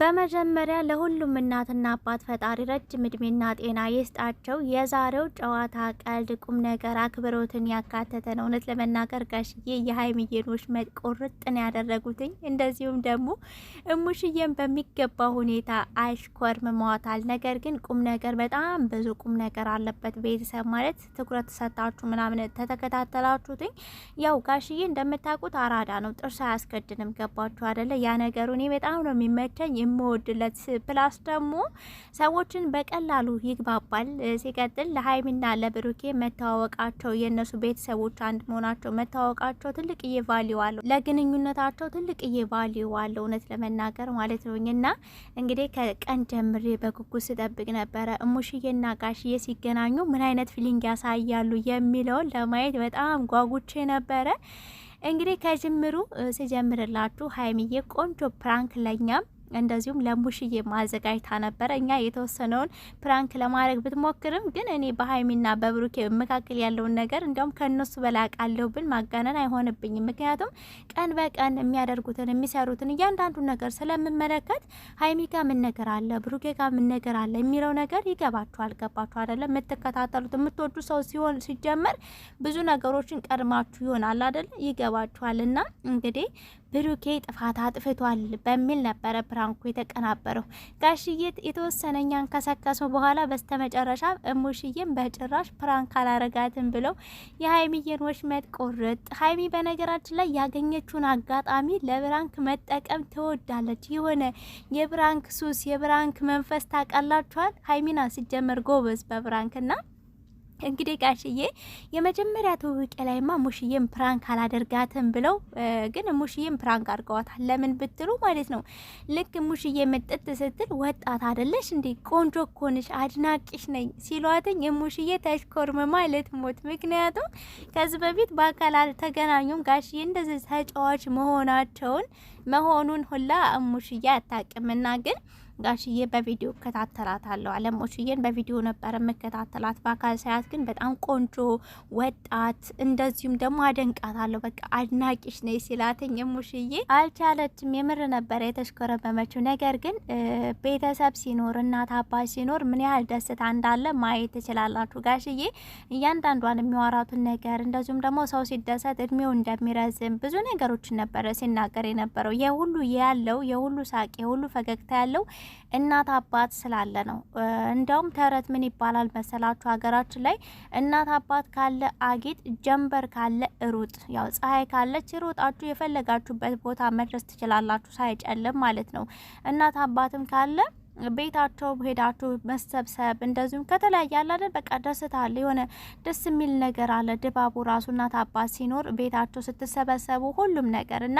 በመጀመሪያ ለሁሉም እናትና አባት ፈጣሪ ረጅም እድሜና ጤና ይስጣቸው። የዛሬው ጨዋታ ቀልድ፣ ቁም ነገር፣ አክብሮትን ያካተተ ነው። እውነት ለመናገር ጋሽዬ የሀይሚዬኖች መቆርጥን ያደረጉትኝ እንደዚሁም ደግሞ እሙሽዬን በሚገባ ሁኔታ አሽኮርምመዋታል። ነገር ግን ቁም ነገር በጣም ብዙ ቁም ነገር አለበት። ቤተሰብ ማለት ትኩረት ሰታችሁ ምናምን ተተከታተላችሁትኝ። ያው ጋሽዬ እንደምታውቁት አራዳ ነው፣ ጥርስ አያስገድንም። ገባችሁ አደለ? ያ ነገሩ እኔ በጣም ነው የሚመቸኝ የምወድለት ፕላስ ደግሞ ሰዎችን በቀላሉ ይግባባል። ሲቀጥል ለሀይሚና ለብሩኬ መተዋወቃቸው የእነሱ ቤተሰቦች አንድ መሆናቸው መተዋወቃቸው ትልቅ እየቫሊዩ አለው፣ ለግንኙነታቸው ትልቅ እየቫሊዩ አለው እውነት ለመናገር ማለት ነው። እና እንግዲህ ከቀን ጀምሬ በጉጉት ስጠብቅ ነበረ እሙሽዬና ጋሽዬ ሲገናኙ ምን አይነት ፊሊንግ ያሳያሉ የሚለውን ለማየት በጣም ጓጉቼ ነበረ። እንግዲህ ከጅምሩ ስጀምርላችሁ ሀይሚዬ ቆንጆ ፕራንክ ለኛም እንደዚሁም ለሙሽዬ ማዘጋጅታ ነበረ። እኛ የተወሰነውን ፕራንክ ለማድረግ ብትሞክርም ግን እኔ በሀይሚና በብሩኬ መካከል ያለውን ነገር እንዲያውም ከእነሱ በላይ አውቃለሁ ብል ማጋነን አይሆንብኝም። ምክንያቱም ቀን በቀን የሚያደርጉትን የሚሰሩትን እያንዳንዱ ነገር ስለምመለከት ሀይሚ ጋ ምን ነገር አለ፣ ብሩኬ ጋ ምን ነገር አለ የሚለው ነገር ይገባችኋል። ገባችሁ አደለ? የምትከታተሉት የምትወዱ ሰው ሲሆን ሲጀመር ብዙ ነገሮችን ቀድማችሁ ይሆናል አደለ? ይገባችኋል እና እንግዲህ ብሩኬ ጥፋት አጥፍቷል በሚል ነበረ ፕራንኩ የተቀናበረው። ጋሽዬ የተወሰነኛን ከሰከሱ በኋላ በስተመጨረሻ እሙሽዬም በጭራሽ ፕራንክ አላረጋትም ብለው የሀይሚዬን ወሽመጥ ቆርጥ። ሀይሚ በነገራችን ላይ ያገኘችውን አጋጣሚ ለብራንክ መጠቀም ትወዳለች። የሆነ የብራንክ ሱስ፣ የብራንክ መንፈስ ታቀላችኋል። ሀይሚና ሲጀመር ጎበዝ በብራንክና እንግዲህ ጋሽዬ የመጀመሪያ ትውውቄ ላይማ ሙሽዬም ፕራንክ አላደርጋትም ብለው ግን ሙሽዬም ፕራንክ አድርገዋታል። ለምን ብትሉ ማለት ነው ልክ ሙሽዬ ምጥጥ ስትል ወጣት አደለሽ እንዴ ቆንጆ ኮንሽ አድናቂሽ ነኝ ሲሏትኝ የሙሽዬ ማለት ሞት። ምክንያቱም ከዚህ በፊት በአካል አልተገናኙም። ጋሽዬ እንደዚህ ተጫዋች መሆናቸውን መሆኑን ሁላ ሙሽዬ አታቅምና ግን ጋሽዬ በቪዲዮ እከታተላታለሁ። አለሞችዬን በቪዲዮ ነበር የምከታተላት፣ በአካል ሳያት ግን በጣም ቆንጆ ወጣት፣ እንደዚሁም ደግሞ አደንቃታለሁ። በቃ አድናቂሽ ነኝ ሲላትኝ ሙሽዬ አልቻለችም። የምር ነበረ የተሽኮረመመችው። ነገር ግን ቤተሰብ ሲኖር እናት አባት ሲኖር ምን ያህል ደስታ እንዳለ ማየት ትችላላችሁ። ጋሽዬ እያንዳንዷን የሚዋራቱን ነገር እንደዚሁም ደግሞ ሰው ሲደሰት እድሜው እንደሚረዝም ብዙ ነገሮችን ነበረ ሲናገር የነበረው የሁሉ ያለው የሁሉ ሳቅ የሁሉ ፈገግታ ያለው እናት አባት ስላለ ነው። እንደውም ተረት ምን ይባላል መሰላችሁ? ሀገራችን ላይ እናት አባት ካለ አጊጥ፣ ጀንበር ካለ ሩጥ። ያው ፀሐይ ካለች ሩጣችሁ የፈለጋችሁበት ቦታ መድረስ ትችላላችሁ፣ ሳይጨልም ማለት ነው። እናት አባትም ካለ ቤታቸው ሄዳችሁ መሰብሰብ እንደዚሁም ከተለያየ አለ በቃ ደስታ አለ፣ የሆነ ደስ የሚል ነገር አለ። ድባቡ ራሱ እናት አባት ሲኖር ቤታቸው ስትሰበሰቡ ሁሉም ነገር እና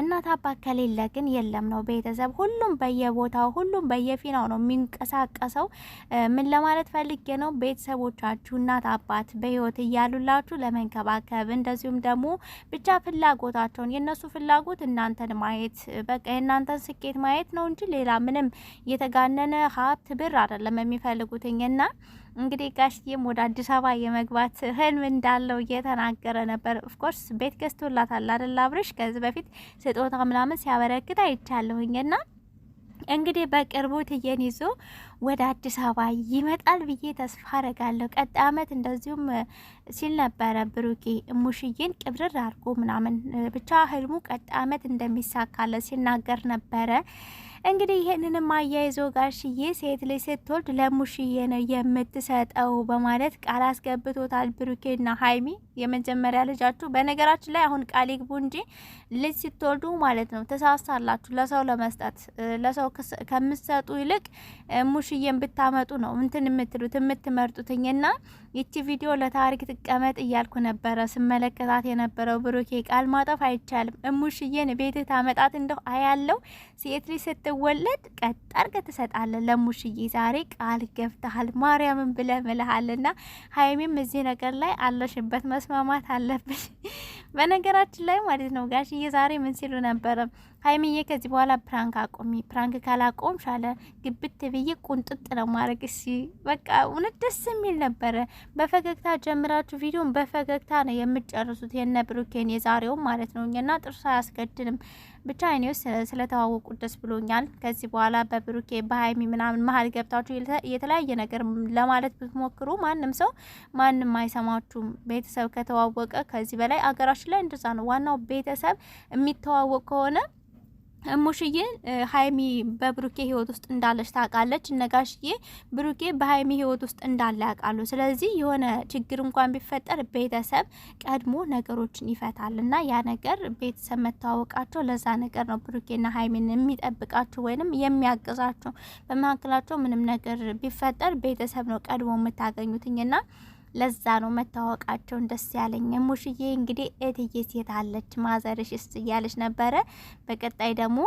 እናት አባት ከሌለ ግን የለም ነው ቤተሰብ። ሁሉም በየቦታው ሁሉም በየፊናው ነው የሚንቀሳቀሰው። ምን ለማለት ፈልጌ ነው? ቤተሰቦቻችሁ እናት አባት በህይወት እያሉላችሁ ለመንከባከብ እንደዚሁም ደግሞ ብቻ ፍላጎታቸውን የእነሱ ፍላጎት እናንተን ማየት በቃ የእናንተን ስኬት ማየት ነው እንጂ ሌላ ምንም የተጋነነ ሀብት ብር አይደለም የሚፈልጉትኝና እንግዲህ ጋሽዬም ወደ አዲስ አበባ የመግባት ህልም እንዳለው እየተናገረ ነበር። ኦፍኮርስ ቤት ገዝቶላታል አይደል አብርሽ? ከዚህ በፊት ስጦታ ምናምን ሲያበረክት አይቻለሁኝና እንግዲህ በቅርቡ ትየን ይዞ ወደ አዲስ አበባ ይመጣል ብዬ ተስፋ አረጋለሁ። ቀጥ አመት እንደዚሁም ሲል ነበረ ብሩኬ እሙሽዬን ቅብርር አድርጎ ምናምን ብቻ ህልሙ ቀጥ አመት እንደሚሳካለ ሲናገር ነበረ። እንግዲህ ይህንንም አያይዞ ጋሽዬ ሴት ልጅ ስትወልድ ለሙሽዬ ነው የምትሰጠው በማለት ቃል አስገብቶታል። ብሩኬና ሀይሚ የመጀመሪያ ልጃችሁ በነገራችን ላይ አሁን ቃል ይግቡ እንጂ ልጅ ስትወልዱ ማለት ነው ተሳሳላችሁ። ለሰው ለመስጠት ለሰው ከምትሰጡ ይልቅ ሙሽዬን ብታመጡ ነው እንትን የምትሉት የምትመርጡትኝ። ና ይቺ ቪዲዮ ለታሪክ ትቀመጥ እያልኩ ነበረ ስመለከታት የነበረው። ብሩኬ ቃል ማጠፍ አይቻልም። እሙሽዬን ቤት ታመጣት እንደው አያለው። ሴት ልጅ ስትወለድ ቀጥ አድርገህ ለሙሽዬ። ዛሬ ቃል ገብተሃል ማርያምን ብለህ ምልሃልና ሀይሚም እዚህ ነገር ላይ አለሽበት መስማማት አለብሽ። በነገራችን ላይ ማለት ነው ጋሽዬ ዛሬ ምን ሲሉ ነበረ? ሀይሚዬ ከዚህ በኋላ ፕራንክ አቆሚ፣ ፕራንክ ካላቆም ሻለ ግብት ብዬ ቁንጥጥ ነው ማድረግ። እሺ በቃ እውነት ደስ የሚል ነበረ። በፈገግታ ጀምራችሁ ቪዲዮን በፈገግታ ነው የምትጨርሱት። የነ ብሩኬን የዛሬውን ማለት ነው እኛና ጥርሱ አያስገድልም። ብቻ እኔ ስለተዋወቁ ደስ ብሎኛል። ከዚህ በኋላ በብሩኬ በሀይሚ ምናምን መሀል ገብታችሁ የተለያየ ነገር ለማለት ብትሞክሩ ማንም ሰው ማንም አይሰማችሁም። ቤተሰብ ከተዋወቀ ከዚህ በላይ አገራችን ላይ እንደዛ ነው። ዋናው ቤተሰብ የሚተዋወቅ ከሆነ እሙሽዬ ሀይሚ በብሩኬ ህይወት ውስጥ እንዳለች ታውቃለች። እነጋሽዬ ብሩኬ በሀይሚ ህይወት ውስጥ እንዳለ ያውቃሉ። ስለዚህ የሆነ ችግር እንኳን ቢፈጠር ቤተሰብ ቀድሞ ነገሮችን ይፈታል እና ያ ነገር ቤተሰብ መተዋወቃቸው ለዛ ነገር ነው ብሩኬና ሀይሚን የሚጠብቃቸው ወይንም የሚያግዛቸው። በመካከላቸው ምንም ነገር ቢፈጠር ቤተሰብ ነው ቀድሞ የምታገኙትኝና ለዛ ነው መታወቃቸውን ደስ ያለኝ። ሙሽዬ እንግዲህ እትዬ ሴት አለች ማዘርሽ እስ እያለች ነበረ። በቀጣይ ደግሞ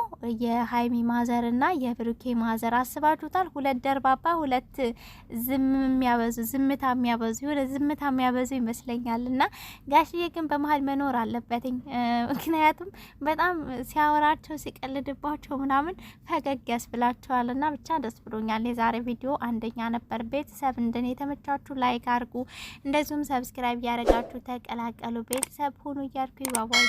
የሀይሚ ማዘርና የብሩኬ ማዘር አስባችሁታል? ሁለት ደርባባ፣ ሁለት ዝም የሚያበዙ ዝምታ የሚያበዙ የሆነ ዝምታ የሚያበዙ ይመስለኛል። እና ጋሽዬ ግን በመሀል መኖር አለበትኝ። ምክንያቱም በጣም ሲያወራቸው ሲቀልድባቸው ምናምን ፈገግ ያስብላቸዋል። እና ብቻ ደስ ብሎኛል። የዛሬ ቪዲዮ አንደኛ ነበር። ቤተሰብ እንደኔ የተመቻችሁ ላይክ አርጉ። እንደዚሁም ሰብስክራይብ ያደረጋችሁ ተቀላቀሉ ቤተሰብ ሁኑ እያልኩ ይባባል።